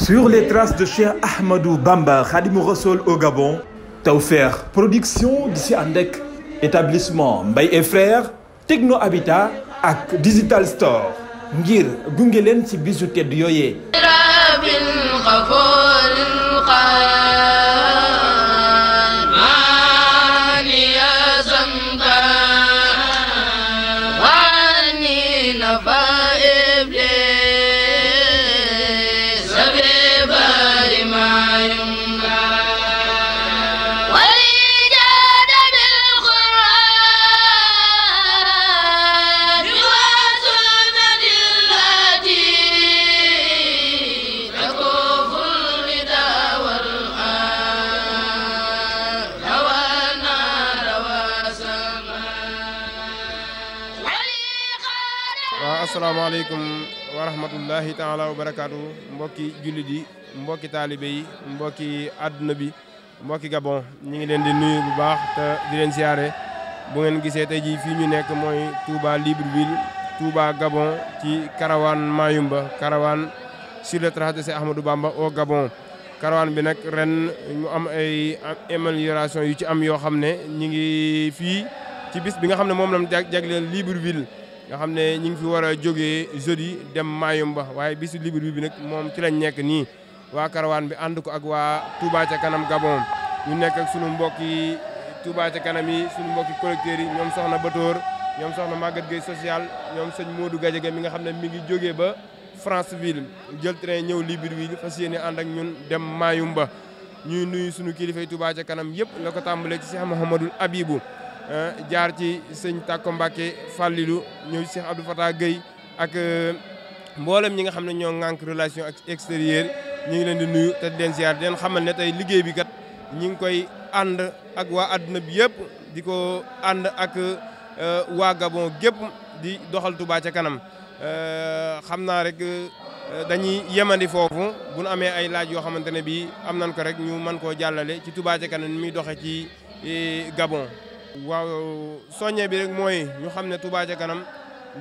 Sur les traces de Cheikh Ahmadou Bamba Khadimou Rassoul au Gabon Tawfekh Production di si ànd ak établissement Mbaye et Frères Techno Habitat ak Digital Store ngir gunge leen ci bisu tedd yooyee waaw asalaamaaleykum wa rahmatullahi taala wa barakaatu mbokki jullit yi mbokki taalibe yi mbokki àdduna bi mbokki Gabon ñu ngi leen di nuyu bu baax te di leen siyaare bu ngeen gisee tey jii fii ñu nekk mooy libre Libreville Touba Gabon ci karawaan Mayumba karawaan si le trace de Cheikh Ahmadou Bamba au Gabon karawaan bi nag ren ñu am ay amélioration yu ci am yoo xam ne ñu ngi fii ci bis bi nga xam ne moom la mu libre Libreville nga xam ne ñu ngi fi war a jógee jeudi dem Mayumba waaye bisu libre bi nag moom ci lañ nekk nii waa karawaan bi ànd ko ak waa Touba ca kanam Gabon ñu nekk ak sunu mbokki Touba ca kanam yi sunu mbokki collecteurs yi ñoom soxna Batoor ñoom soxna Maguette Gueye social ñoom sëñ Modou Gadiaga mi nga xam ne mi ngi jógee ba Franceville jël train ñëw Libreville fas yéene ànd ak ñun dem Mayumba ñuy nuyu sunu kilifa Touba ca kanam yëpp la ko tàmbalee ci Cheikh Mouhamadul Abibou Eh, jaar ci sëñ Tako Mbacke Fallilou ñëw ci Cheikh Abdou Fatah Guèye ak eh, mboolem ñi nga xam ne ñoo ŋànk relation extérieure ñu ngi leen di nuyu te di leen ziar di leen xamal ne tey liggéey bi kat ñu ngi koy ànd ak waa àdduna bi yëpp di ko ànd ak eh, waa Gabon gépp di doxal Touba ca kanam xam naa rek dañuy yemandi foofu bu nu amee ay laaj yoo xamante ne bii am nañ ko rek ñu mën koo jàllale ci Touba ca kanam ni muy doxee ci Gabon. waaw soññe bi rek mooy ñu xam ne Touba ca kanam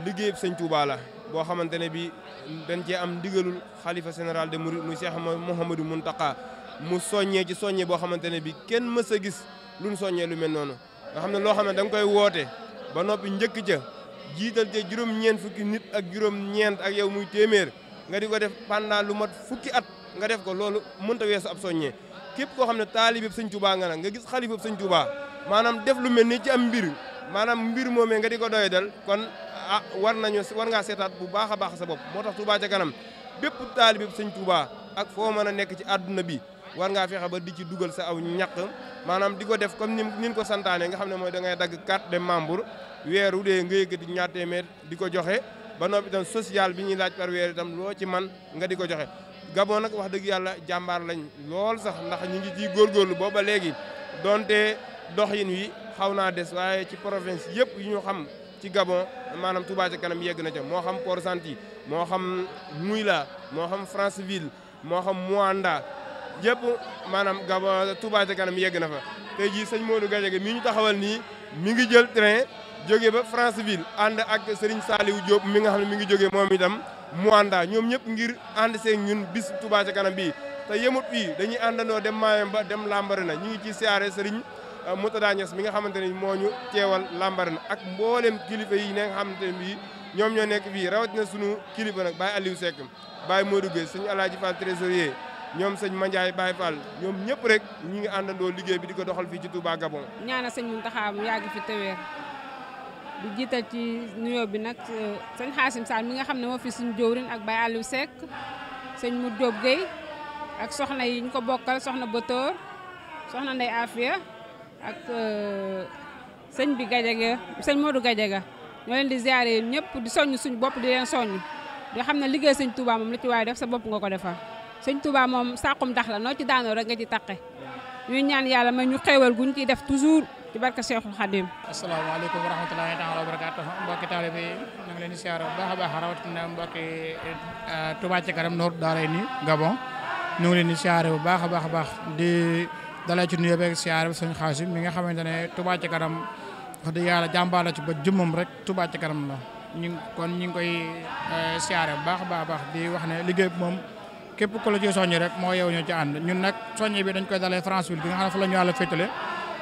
liggéeyub sëñ Touba la boo xamante ne bi dañ cee am ndigalul xalifa général de Mouride muy Cheikh Mouhamadou Mountakha mu soññee ci soññe boo xamante ne bi kenn mës a gis luñ soññee lu mel noonu nga xam ne loo xam ne da nga koy woote ba noppi njëkk ca jiital ca juróom-ñeent fukki nit ak juróom-ñeent ak yow muy téeméer nga di ko def pendant lu mat fukki at nga def ko loolu mënta weesu ab soññee képp koo xam ne taalib yëpp sëñ Touba nga nag nga gis xalifa yëpp sëñ maanaam def lu mel ni ci am mbir maanaam mbir moomee nga di ko doy dal kon ah war nañu war ngaa seetaat bu baax a baax sa bopp moo tax Touba ca kanam bépp taalibe sëñ Touba ak foo mën a nekk ci àdduna bi war ngaa fexe ba di ci dugal sa aw ñàq maanaam di ko def comme ni nin ko santaanee nga xam ne mooy dangay ngay dagg carte de membre weeru dee nga yëkkati ñaar téeméer di ko joxe ba noppi itam social bi ñuy laaj par weer itam loo ci man nga di joxe Gabon nag wax dëgg yàlla jàmbaar lañ lool sax ndax ñu ngi ciy góorgóorlu booba léegi doxin wi xaw naa des waaye ci province yëpp yu ñu xam ci Gabon maanaam Touba ca kanam yegg na ca moo xam Port-Gentil moo xam Mouila moo xam Franceville moo xam Moanda yëpp maanaam Gabon Touba ca kanam yegg na fa tey jii sëñ Modou Gadiaga mi ñu taxawal nii mi ngi jël train jóge ba france Franceville ànd ak Serigne Saliou Diop mi nga xam ne mi ngi jógee moom itam Moanda ñoom ñëpp ngir ànd seeg ñun bis Touba ca kanam bi te yemut fii dañuy àndandoo dem maayam ba dem lambare na ñu ngi ci siyaare Serigne Moutada Niass mi nga xamante ne moo ñu teewal Lambaréné ak mboolem kilifa yi nga xamante ne bii ñoom ñoo nekk fii rawatina sunu kilifa nag Baye Aliou Seck Baye moo Gueye sëñ Alaaji Fall trésorier ñoom sëñ Mandiaye Baye ñoom ñëpp rek ñi ngi àndandoo liggéey bi di ko doxal fii ci Touba Gabon. ñaana sëñ Mountakha mu yàgg fi tëweer di jiital ci nuyoo bi nag euh, sëñ Xaasim Sall mi nga xam ne moo fi suñu jëwriñ ak Baye Aliou Seck sëñ Modou Diop Gueye ak soxna yi ñu ko bokkal soxna Batoor soxna Ndeye Afia. ak euh, sëñ bi Gadiaga sëñ Modou ga ñoo leen di ziare ñëpp di soññ suñ bopp di leen soññ di xam ne liggéey sëñ Touba moom la ci waaye def sa bopp nga ko defal sëñ Touba moom sàqum dax la noo ci daanoo rek nga ci taqe ñuy ñaan yàlla may ñu xéewal ñu ciy def toujours ci barka Cheikhul Khadim asalaamaaleykum wa rahmatulahi taala wa barakaatu mbokki taalibe yi ñu ngi leen di siyaare bu baax a baax na mbokki euh, tubaa ci kanam Noor Daara ni Gabon ñu ngi leen di bu baax a baax a baax dalay ci nuyoo beeg siyaare bi sëñ Xaasim mi nga xamante ne Touba ci kanam wax yàlla jàmbaar la ci ba jëmmam rek Touba ci kanam la ñu kon ñu ngi koy eh, siyaare bu baax a baax di wax ne liggéey bi moom képp ku la ci soññi rek moo yow ñoo ci ànd ñun nag soññi bi dañ koy dalee Franceville bi nga xam ne fa la ñu yàlla féetale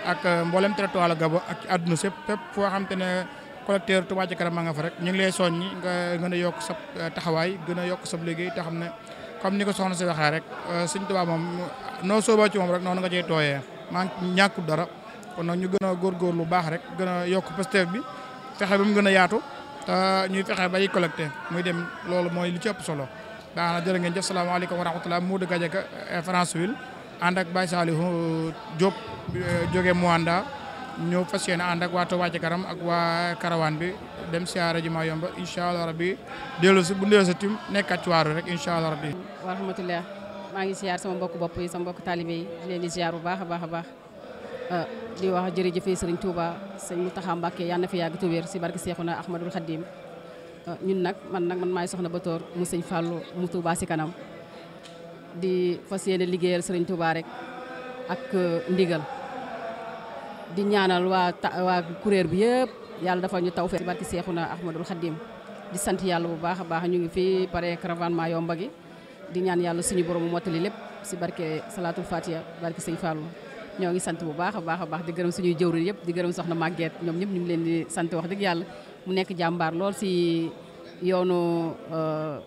ak eh, mboolem territoire la Gabon ak àdduna sépp fépp foo xam te ne collecteur Touba ci kanam ma nga fa rek ñu ngi lay soññi nga gën a yokk sa eh, taxawaay gën a yokk sa liggéey te xam ne comme ni ko soxna si waxee rek euh, Sëñ Tuubaa moom noo soobaa ci moom rek noonu nga cay tooye maa ñàkkul dara kon nag ñu gën a góor góor lu baax rek gën a yokk pasteef bi fexe ba mu gën a yaatu te ñuy fexe bay collecté muy dem loolu mooy lu ci solo daana jërë ngeen jëf salaamaaleykum wa rahmatulah Modou Gadiaga euh, Franceville ànd ak Baye Saliou Diop euh, jóge Mouanda ñëw fas yéene ànd ak waa Touba Ca Kanam ak waa karawaan bi dem siyaara ji maa yomba incha allah rabbi dellu si bu dellu si tim nekkat ci waaru rek incha allah rabbi. wa rahmatulah maa ngi siyaar sama mbokku bopp yi sama mbokku taalibe yi di bu baax a baax a baax ah, di wax jërëjëf sëriñ Touba sëñ Mountakha Mbacké yàlla na fi yàgg tuwéer si barke Seexuna Ahmadul Xadim ah, ñun nag man nag man maay soxna Batoor mu sëñ Fallou mu tuubaa si kanam di fas yéene liggéeyal sëriñ Touba rek ak ah, ndigal. di ñaanal waa waa kuréel bi yëpp yàlla dafa ñu taw ci barki Seexuna Ahmadul Xadim di sant yàlla bu baax a baax ñu ngi fii pare caravane maa yomba gi di ñaan yàlla suñu borom mottali lépp si barke salaatul fatiha barke sëñ Fallou ñoo ngi sant bu baax a baax a baax di gërëm suñuy jëwriñ yëpp di gërëm soxna Maguette ñoom ñëpp ñu ngi leen di sant wax dëgg yàlla mu nekk jàmbaar lool si yoonu euh,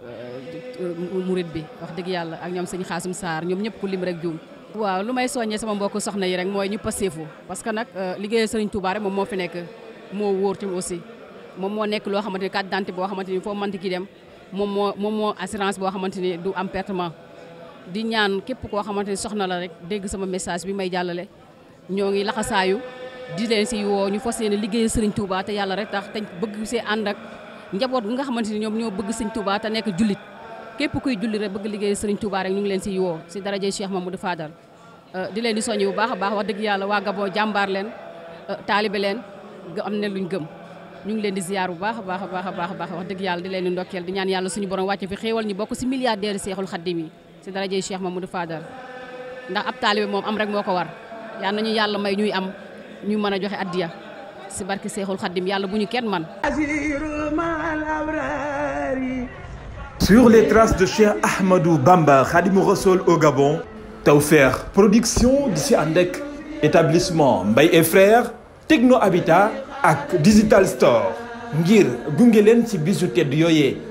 euh, murit bi wax dëgg yàlla ak ñoom sëñ Xaasum Saar ñoom ñëpp ku lim rek juum waaw lu may soññee sama mbokk soxna yi rek mooy ñu pasteefu parce que nag euh, liggéeyal Serigne Touba rek moom moo fi nekk moo wóor tamit aussi moom moo nekk loo xamante ni carte d'identité boo xamante ni foo mënti ki dem moom moo moom moo assurance boo xamante ni du am pertement di ñaan képp koo xamante ni soxna la rek dégg sama message bi may jàllale ñoo ngi laxasaayu di leen si woo ñu fas yéene liggéeyal Serigne Touba te yàlla rek tax te bëgg see ànd ak njaboot gi nga xamante ni ñoom ñoo bëgg Serigne Touba te nekk jullit képp kuy jullit rek bëgg liggéeyal Serigne Touba rek ñu ngi leen siy woo si daraje Cheikh Mamadou Fadal Euh, di leen di soññ bu baax a baax wax dëgg yàlla waa Gabon jàmbaar leen euh, taalibe leen am na luñ gëm ñu ngi leen di ziar bu baax a baax a baax a baax a wax dëgg yàlla di leen di ndokkeel di ñaan yàlla suñu borom wàcce fi xéewal ñu bokk si milliardaire Seexul Xaddim yi si darajey Cheikh Mamadou Fadal ndax ab taalibe moom am rek moo ko war yal nañu yàlla may ñuy am ñu mën a joxe addiya si barki Seexul Xaddim yàlla bu ñu kenn man Sur les traces de Cheikh Ahmadou Bamba, Khadimou Rassoul au Gabon, taw Tawfekh production di si ànd ak établissement mbay et frères Techno Habitat ak Digital Store ngir gunge leen ci bisu tedd yooye